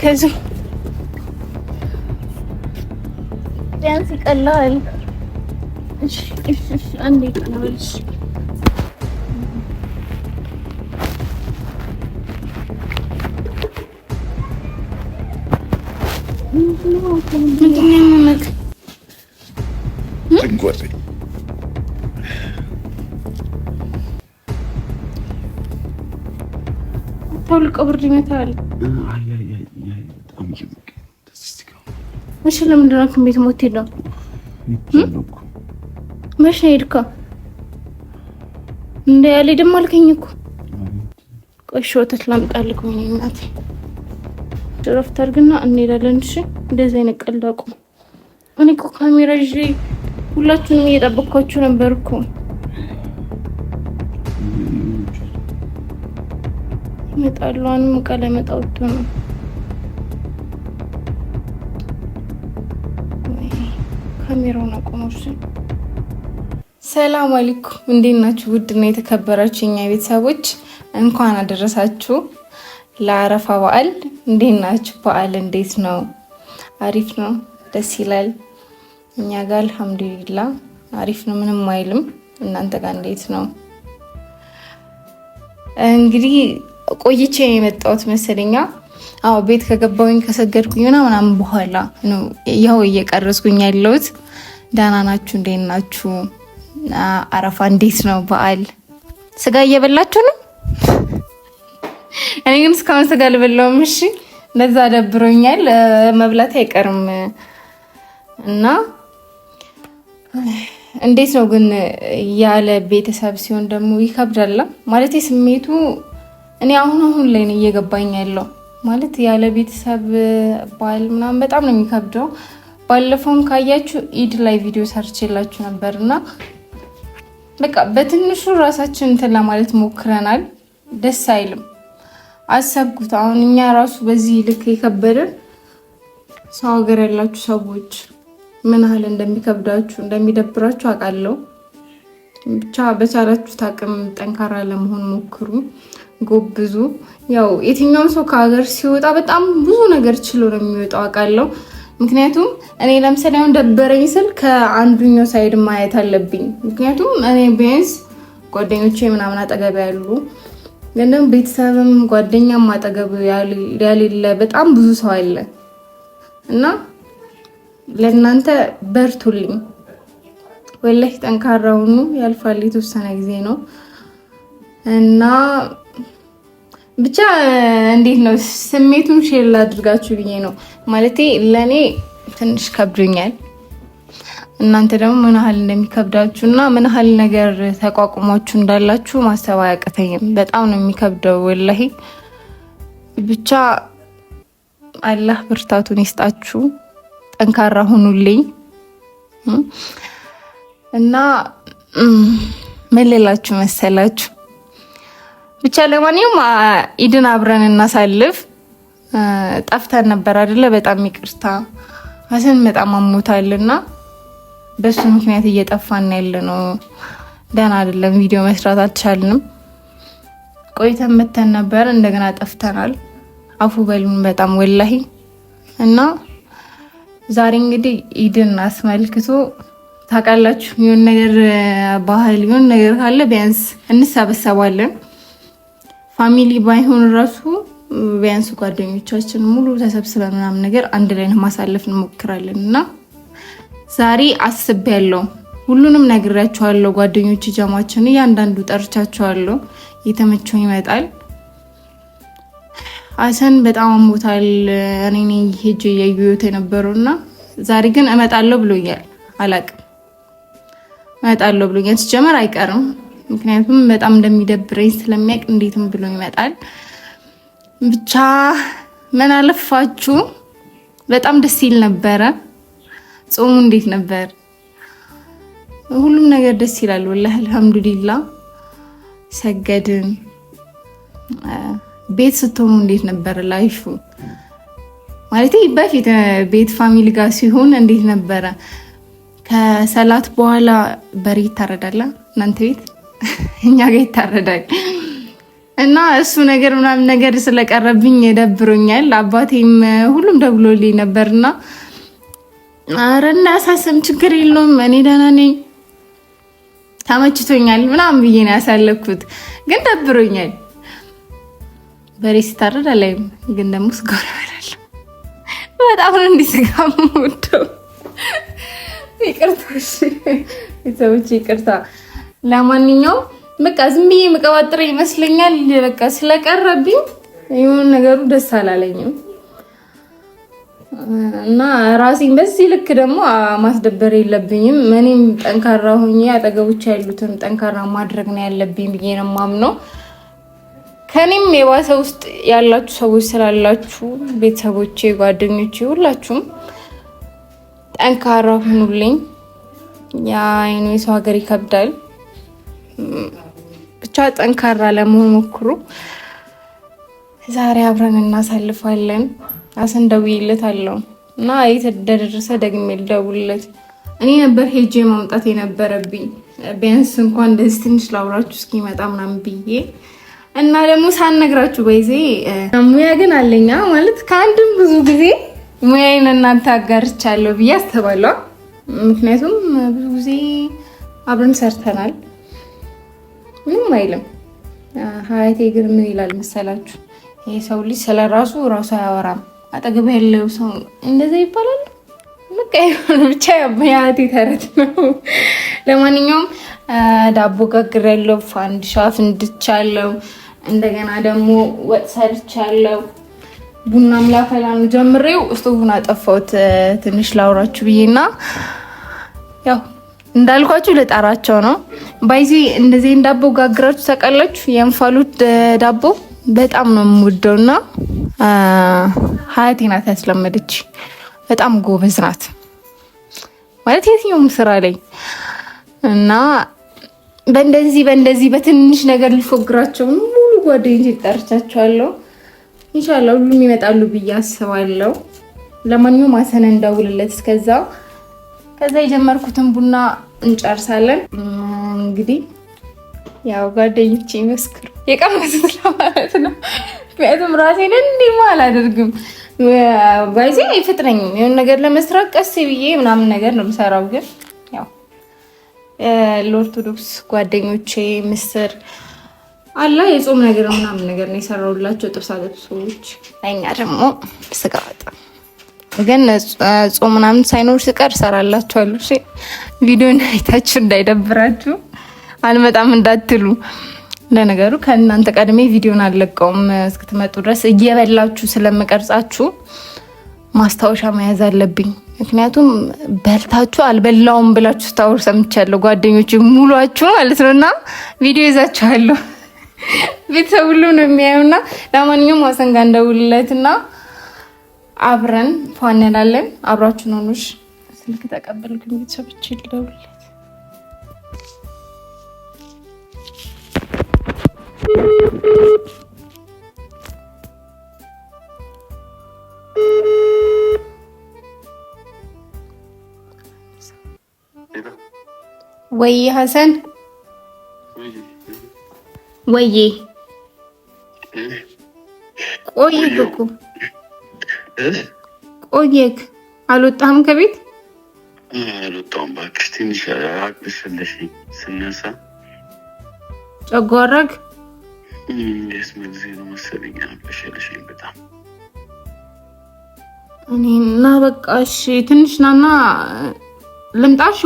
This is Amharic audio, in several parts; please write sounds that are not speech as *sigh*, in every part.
ከዚህ ቢያንስ ይቀላል። አንዴ ይቀላል። ምንድን ነው አታውልቀ ብርድ ይመታል። እሺ ለምንድን ነው ቤት ሞት ሄደው መቼ ነው የሄድከው? እንደ ያለ ደግሞ አልከኝ እኮ ቆይ ወተት ላምጣልህ። ቆይ እናቴ እረፍት አድርግና እንሄዳለን። እሺ እንደዚህ አይነት ቀልድ አቁም። እኔ እኮ ካሜራ ይዤ ሁላችሁንም እየጠበኳችሁ ነበር እኮ የጣሏንም ቀለመጣ ወጥቶ ነው። ካሜራውን አቆሞች። ሰላም አለይኩም፣ እንዴት ናችሁ? ውድና የተከበራችሁ የኛ ቤተሰቦች እንኳን አደረሳችሁ ለአረፋ በዓል። እንዴት ናችሁ? በዓል እንዴት ነው? አሪፍ ነው፣ ደስ ይላል። እኛ ጋር አልሐምዱሊላ አሪፍ ነው፣ ምንም አይልም። እናንተ ጋር እንዴት ነው? እንግዲህ ቆይቼ ነው የመጣሁት መሰለኛ። አዎ ቤት ከገባሁኝ ከሰገድኩኝ ምናምን በኋላ ያው እየቀረስኩኝ ያለሁት። ደህና ናችሁ? እንዴት ናችሁ? አረፋ እንዴት ነው በዓል? ስጋ እየበላችሁ ነው? እኔ ግን እስካሁን ስጋ አልበላሁም። እሺ ለዛ ደብሮኛል። መብላት አይቀርም እና እንዴት ነው ግን ያለ ቤተሰብ ሲሆን ደግሞ ይከብዳል ማለት ስሜቱ እኔ አሁን አሁን ላይ ነው እየገባኝ ያለው ማለት ያለ ቤተሰብ ባል ምናምን በጣም ነው የሚከብደው። ባለፈውም ካያችሁ ኢድ ላይ ቪዲዮ ሰርችላችሁ ነበር እና በቃ በትንሹ ራሳችን እንትን ለማለት ሞክረናል። ደስ አይልም። አሰብኩት አሁን እኛ ራሱ በዚህ ልክ የከበደን ሰው ሀገር ያላችሁ ሰዎች ምን ያህል እንደሚከብዳችሁ እንደሚደብራችሁ አውቃለሁ። ብቻ በቻላችሁት አቅም ጠንካራ ለመሆን ሞክሩ። ጎብዙ። ያው የትኛውም ሰው ከሀገር ሲወጣ በጣም ብዙ ነገር ችሎ ነው የሚወጣው አውቃለሁ። ምክንያቱም እኔ ለምሳሌ አሁን ደበረኝ ስል ከአንዱኛው ሳይድ ማየት አለብኝ። ምክንያቱም እኔ ቢያንስ ጓደኞቼ ምናምን አጠገብ ያሉ ግን ቤተሰብም ጓደኛም አጠገብ ያሌለ በጣም ብዙ ሰው አለ እና ለእናንተ በርቱልኝ። ወላሂ ጠንካራ ሁኑ። ያልፋል። የተወሰነ ጊዜ ነው እና ብቻ እንዴት ነው ስሜቱን ሼር ላድርጋችሁ ብዬ ነው። ማለቴ ለእኔ ትንሽ ከብዶኛል። እናንተ ደግሞ ምን ያህል እንደሚከብዳችሁ እና ምን ያህል ነገር ተቋቁሟችሁ እንዳላችሁ ማሰብ አያቅተኝም። በጣም ነው የሚከብደው ወላሂ። ብቻ አላህ ብርታቱን ይስጣችሁ፣ ጠንካራ ሁኑልኝ እና ምን ልላችሁ መሰላችሁ ብቻ ለማንኛውም ኢድን አብረን እናሳልፍ። ጠፍተን ነበር አይደለ? በጣም ይቅርታ ሀሰን በጣም አሞታልና በሱ ምክንያት እየጠፋን ያለ ነው። ደህና አይደለም፣ ቪዲዮ መስራት አልቻልንም። ቆይተን መተን ነበር፣ እንደገና ጠፍተናል። አፉ በሉን በጣም ወላሂ። እና ዛሬ እንግዲህ ኢድን አስመልክቶ ታውቃላችሁ፣ የሆን ነገር ባህል የሆን ነገር ካለ ቢያንስ እንሰበሰባለን። ፋሚሊ ባይሆን ራሱ ቢያንስ ጓደኞቻችን ሙሉ ተሰብስበን ምናምን ነገር አንድ ላይ ማሳለፍ እንሞክራለን እና ዛሬ አስቤያለሁ። ሁሉንም ነግሬያቸዋለሁ። ጓደኞች ጀማችን እያንዳንዱ ጠርቻቸዋለሁ። የተመቸው ይመጣል። አሰን በጣም አሞታል። እኔ ሄጅ እያየሁት የነበረው እና ዛሬ ግን እመጣለሁ ብሎኛል። አላቅም እመጣለሁ ብሎኛል። ሲጀመር አይቀርም ምክንያቱም በጣም እንደሚደብረኝ ስለሚያውቅ እንዴትም ብሎ ይመጣል። ብቻ ምን አለፋችሁ በጣም ደስ ይል ነበረ። ጾሙ እንዴት ነበር? ሁሉም ነገር ደስ ይላል። ወላሂ አልሐምዱሊላ። ሰገድን። ቤት ስትሆኑ እንዴት ነበር ላይፉ? ማለት በፊት ቤት ፋሚሊ ጋር ሲሆን እንዴት ነበረ? ከሰላት በኋላ በሬ ይታረዳላ እናንተ ቤት እኛ ጋር ይታረዳል እና እሱ ነገር ምናምን ነገር ስለቀረብኝ ደብሮኛል። አባቴም ሁሉም ደብሎልኝ ነበርና ኧረ እናያሳስም ችግር የለውም እኔ ደህና ነኝ ተመችቶኛል ምናምን ብዬ ነው ያሳለኩት፣ ግን ደብሮኛል። በሬ ሲታረድ አላይም፣ ግን ደግሞ ስጋ ነበላለ በጣም ነው እንዲህ ስጋ የምወደው። ይቅርታ ቤተሰቦች፣ ይቅርታ ለማንኛውም በቃ ዝም ብዬ መቀባጥር ይመስለኛል። በቃ ስለቀረብኝ ይሁን ነገሩ ደስ አላለኝም እና ራሴን በዚህ ልክ ደግሞ ማስደበር የለብኝም። እኔም ጠንካራ ሆኜ አጠገቦች ያሉትን ጠንካራ ማድረግ ነው ያለብኝ ብዬ ነው የማምነው። ከኔም የባሰ ውስጥ ያላችሁ ሰዎች ስላላችሁ ቤተሰቦቼ፣ ጓደኞቼ ሁላችሁም ጠንካራ ሁኑልኝ። የአይኑ የሰው ሀገር ይከብዳል። ብቻ ጠንካራ ለመሆን ሞክሩ። ዛሬ አብረን እናሳልፋለን። አሰን አለው እና የት እንደደረሰ ደግሜ ልደውልለት። እኔ ነበር ሄጄ ማምጣት የነበረብኝ ቢያንስ እንኳን እንደዚህ ትንሽ ላውራችሁ እስኪመጣ ምናምን ብዬ እና ደግሞ ሳነግራችሁ በይዜ ሙያ ግን አለኛ ማለት ከአንድም ብዙ ጊዜ ሙያዬን እናንተ አጋርቻለሁ ብዬ አስተባለ። ምክንያቱም ብዙ ጊዜ አብረን ሰርተናል። ምንም አይልም። ሀያቴ ግን ምን ይላል መሰላችሁ? ይህ ሰው ልጅ ስለ ራሱ ራሱ አያወራም፣ አጠገብ ያለው ሰው እንደዛ ይባላል። ምቃ ሆነ ብቻ የሀያቴ ተረት ነው። ለማንኛውም ዳቦ ጋግር ያለው ፋንዲሻ ፍንድቻለው። እንደገና ደግሞ ወጥ ሰርቻለው። ቡናም ላፈላ ነው ጀምሬው፣ እስቶቡን አጠፋሁት ትንሽ ላውራችሁ ብዬና ያው እንዳልኳችሁ ልጠራቸው ነው። ባይዚ እንደዚህ ዳቦ ጋግራችሁ ታውቃላችሁ? የእንፋሉት ዳቦ በጣም ነው የምወደው እና ሀያቴ ናት ያስለመደች። በጣም ጎበዝ ናት ማለት የትኛውም ስራ ላይ እና በእንደዚህ በእንደዚህ በትንሽ ነገር ልፎግራቸው ሙሉ ጓደኞች ይጠርቻቸዋለሁ። ኢንሻላህ ሁሉም ይመጣሉ ብዬ አስባለሁ። ለማንኛውም አሰነ እንዳውልለት እስከዛ ከዛ የጀመርኩትን ቡና እንጨርሳለን። እንግዲህ ያው ጓደኞቼ ይመስክሩ የቀመሱት ለማለት ነው። ምክንያቱም ራሴን እንዲህ አላደርግም ባይዜ አይፈጥነኝም። የሆነ ነገር ለመስራት ቀስ ብዬ ምናምን ነገር ነው የምሰራው። ግን ያው ለኦርቶዶክስ ጓደኞቼ ምስር አላ የጾም ነገር ምናምን ነገር ነው የሰራሁላቸው ጥብሳ ጥብሶች፣ ለእኛ ደግሞ ስጋ ወጥ ግን ጾም ምናምን ሳይኖር ሲቀር እሰራላችኋለሁ። እሺ ቪዲዮን አይታችሁ እንዳይደብራችሁ አልመጣም እንዳትሉ። ለነገሩ ከእናንተ ቀድሜ ቪዲዮን አልለቀውም። እስክትመጡ ድረስ እየበላችሁ ስለምቀርጻችሁ ማስታወሻ መያዝ አለብኝ። ምክንያቱም በልታችሁ አልበላውም ብላችሁ ስታወር ሰምቻለሁ። ጓደኞች ሙሏችሁ ማለት ነው እና ቪዲዮ ይዛችኋለሁ። *laughs* ቤተሰብ ሁሉ ነው የሚያዩና፣ ለማንኛውም ዋሰንጋ እንደውልለትና አብረን ፏነላለን። አብራችሁ ሆኖሽ ስልክ ተቀበልክ። ቤተሰቦች ልደውልለት ወይ ሀሰን ወይ ቆይ ብኩ ቆየክ? አልወጣህም ከቤት? አልወጣሁም እባክሽ። ትንሽ ስነሳ የስመ ጊዜ ነው መሰለኝ በጣም በቃ እሺ፣ ትንሽ ናና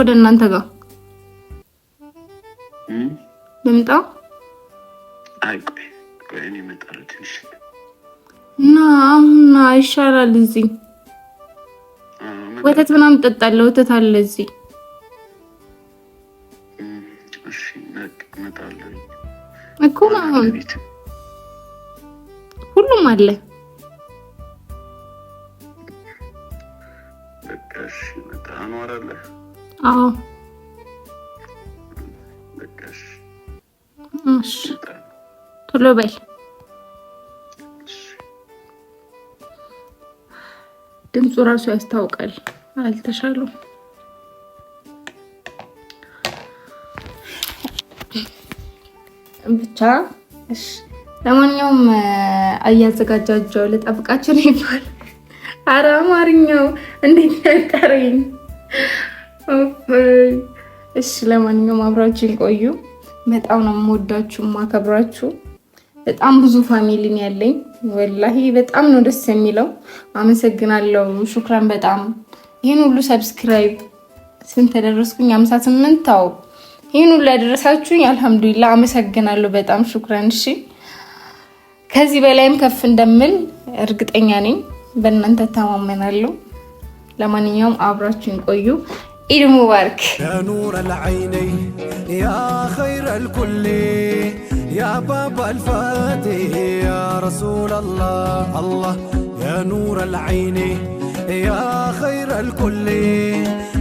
ወደ እናንተ ጋር ልምጣ። አይ ቆይ ቆይ፣ እኔ እመጣለሁ ትንሽ እና አሁን ይሻላል። እዚህ ወተት ምናምን እጠጣለሁ። ወተት አለ እዚህ። እኮ ሁሉም አለ። አዎ ቶሎ በል ድምፁ ራሱ ያስታውቃል። አልተሻለው ብቻ ለማንኛውም እያዘጋጃቸው ልጠብቃቸው ነው ይባል። አረ አማርኛው እንዴት ያጠረኝ። እሺ ለማንኛውም አብራችን ቆዩ። በጣም ነው የምወዳችሁ የማከብራችሁ። በጣም ብዙ ፋሚሊን ያለኝ። ወላሂ በጣም ነው ደስ የሚለው። አመሰግናለሁ። ሹክራን በጣም ይህን ሁሉ ሰብስክራይብ ስንት ተደረስኩኝ? አምሳ ስምንት ታው ይህን ሁሉ ያደረሳችሁኝ አልሐምዱሊላ አመሰግናለሁ። በጣም ሹክራን። እሺ ከዚህ በላይም ከፍ እንደምል እርግጠኛ ነኝ። በእናንተ ተማመናለሁ። ለማንኛውም አብራችሁን ቆዩ። عيد مبارك يا نور العيني يا خير الكل يا بابا الفاتح يا رسول الله الله يا نور العيني يا خير الكل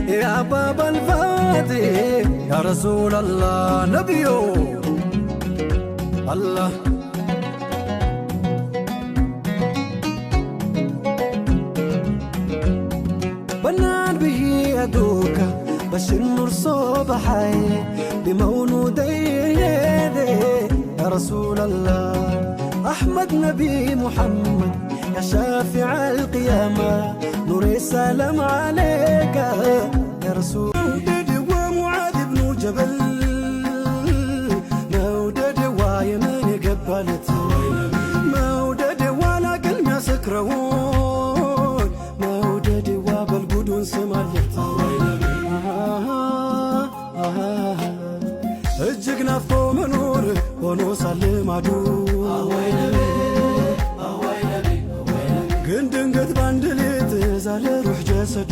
يا بابا الفاتح يا رسول الله نبيو الله أصبحي بمولودي يا رسول الله أحمد نبي محمد يا شافع القيامة نور السلام عليك يا رسول نودد ومعاذ بن جبل نودد ويمن قبلت ما ودد ولا كلمة سكره እጅግ ናፍቆ መኖር ሆኖ ሳለ ማዱ ግን ድንገት ባንድ ሌት ዛለ ሩሕ ጀሰዱ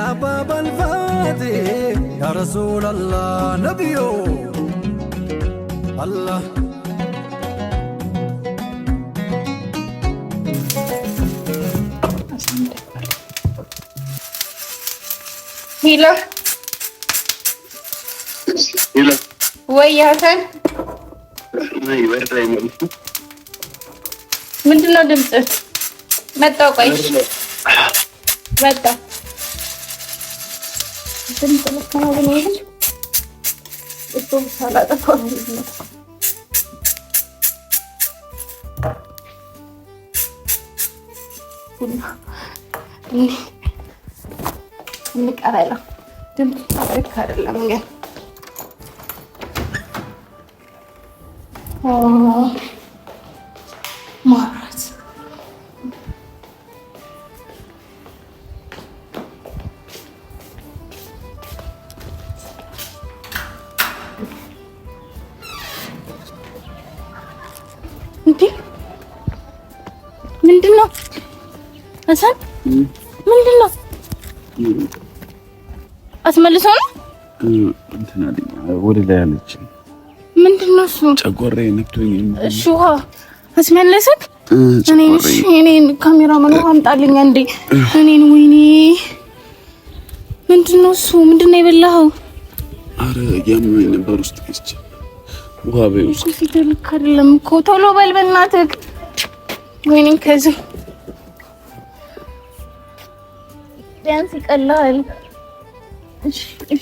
يا الفادي يا رسول الله نبيو الله هلا هلا وي حسن ምንድን ነው ድምፅህ? መጣው ቆይ መጣ ድምፅ መከናወን አይደል? እሱ ሳላጠፋ ነው። ቡና ድምፅ ልክ አይደለም ግን ወደ ላይ አለች። ምንድን ነው እሱ? ጨጓራዬ ነክቶኝ። እሺ ውሃ አስመለሰት። እኔን ካሜራማን ውሃ አምጣልኝ እንዴ! እኔን ወይኔ! ምንድን ነው እሱ? ምንድን ነው የበላኸው? አረ ያመመኝ ነበር ውስጥ ገዝቼ ውሃ በይ ውስጥ ፊት ልክ አይደለም እኮ ቶሎ በል በእናትህ። ወይኔ ከዚህ ቢያንስ ይቀልሃል። ምንድን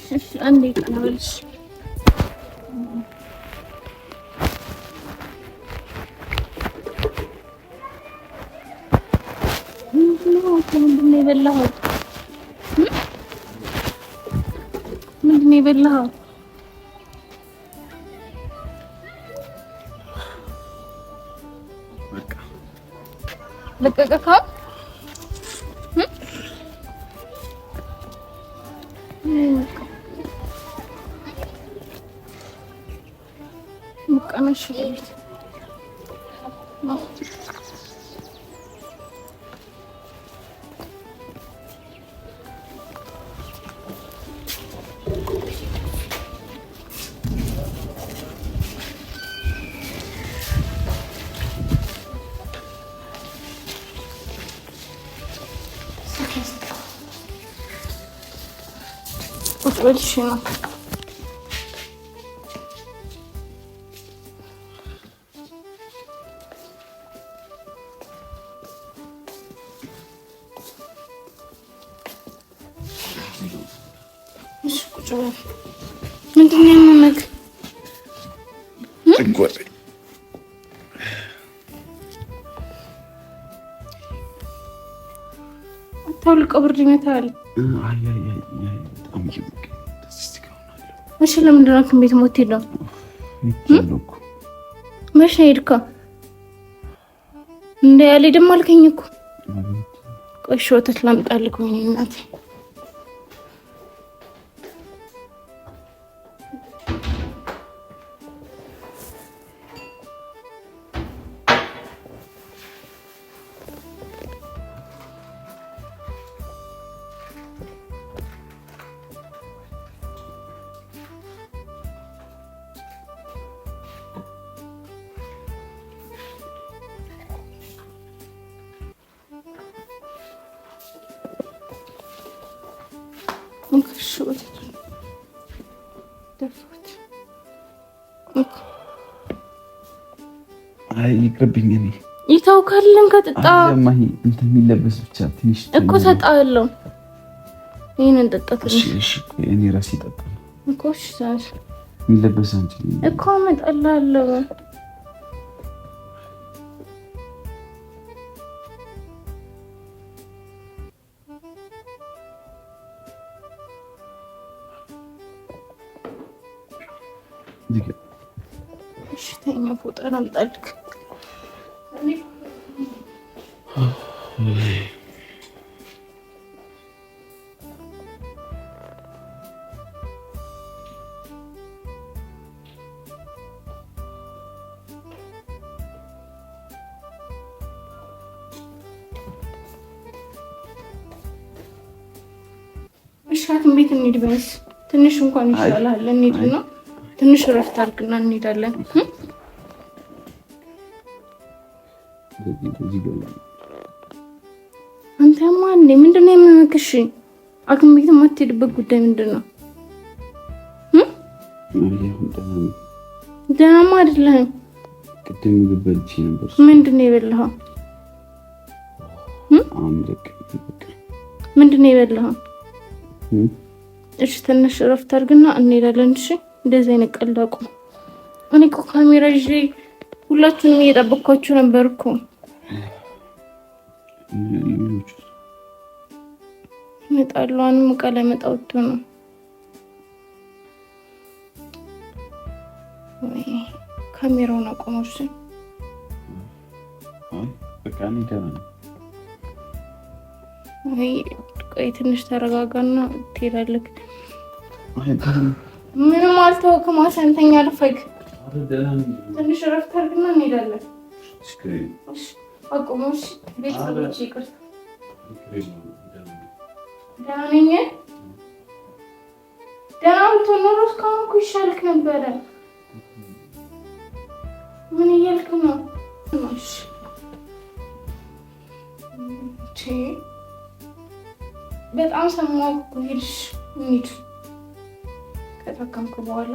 ነው የበላኸው? ምንድን Odwrócimy. Skurczyłem. No to nie mam jak... Tak głębiej. Только обрати металл. Ай-яй-яй, там гибнет. እሺ ለምንድን ነው ሐኪም ቤት ሞት ነው? መች ነው የሄድከው? እንደ ያሌ ደግሞ አልከኝ እኮ። ቆይ ወተት ላምጣልህ? ወይኔ እናቴ ይቅርብኝ። እኔ ይታውካልን ከጥጣ እንትን የሚለበስ ብቻ ትንሽ እኮ ሰጣ ያለው ይህንን ጠጣት እኔ ራሴ ጠጣ እኮ እሺ፣ የሚለበስ አንቺ እኮ እመጣልሃለሁ ፎጣን አምጣልክ። እሻት ቤት እንሂድ። በስ ትንሽ እንኳን ይሻላል። እንሂድና ትንሽ እረፍት አድርግና እንሄዳለን። እንጂ ገለም አንተማ እንዴ ምንድን ነው የምመክሽ? አክም ቤት የማትሄድበት ጉዳይ ምንድን ነው? ደህናማ አይደለህም። ቅድም ምግብ በልቼ ነበር። ምንድን ነው የበላኸው? ምንድን ነው የበላኸው? እሺ ትንሽ እረፍት አድርግና እንሄዳለን። እሺ እንደዚህ አይነት ቀልድ አቁም። እኔ እኮ ካሜራ ይዤ ሁላችሁንም እየጠበቅኳችሁ ነበር እኮ ምጣሏንም ቀለመጣ ወጥቶ ነው ካሜራውን አቆሞች ቆይ ትንሽ ተረጋጋና ትሄዳለህ። ምንም አልተወክም። አሰንተኛ ልፈግ ትንሽ እረፍት አድርግና እንሄዳለን። አቁሙሽ ቤተሰቦች ይቅርታ። ደህና ነኝ። ደህና ብትሆን ኖሮ እስካሁን እኮ ይሻልክ ነበረ። ምን እያልክ ነው? በጣም ሰማሁ እኮ ሄድሽ። እንሂድ ከታከምክ በኋላ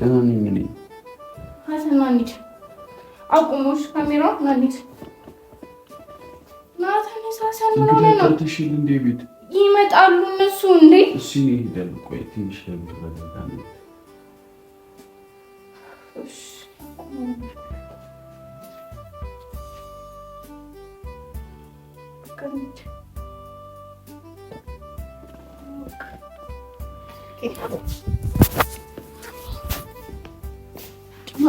ደህና ነኝ እኔ። ሀሰን ና እንሂድ። ቤት ይመጣሉ እነሱ እንዴ? ቆይ ትንሽ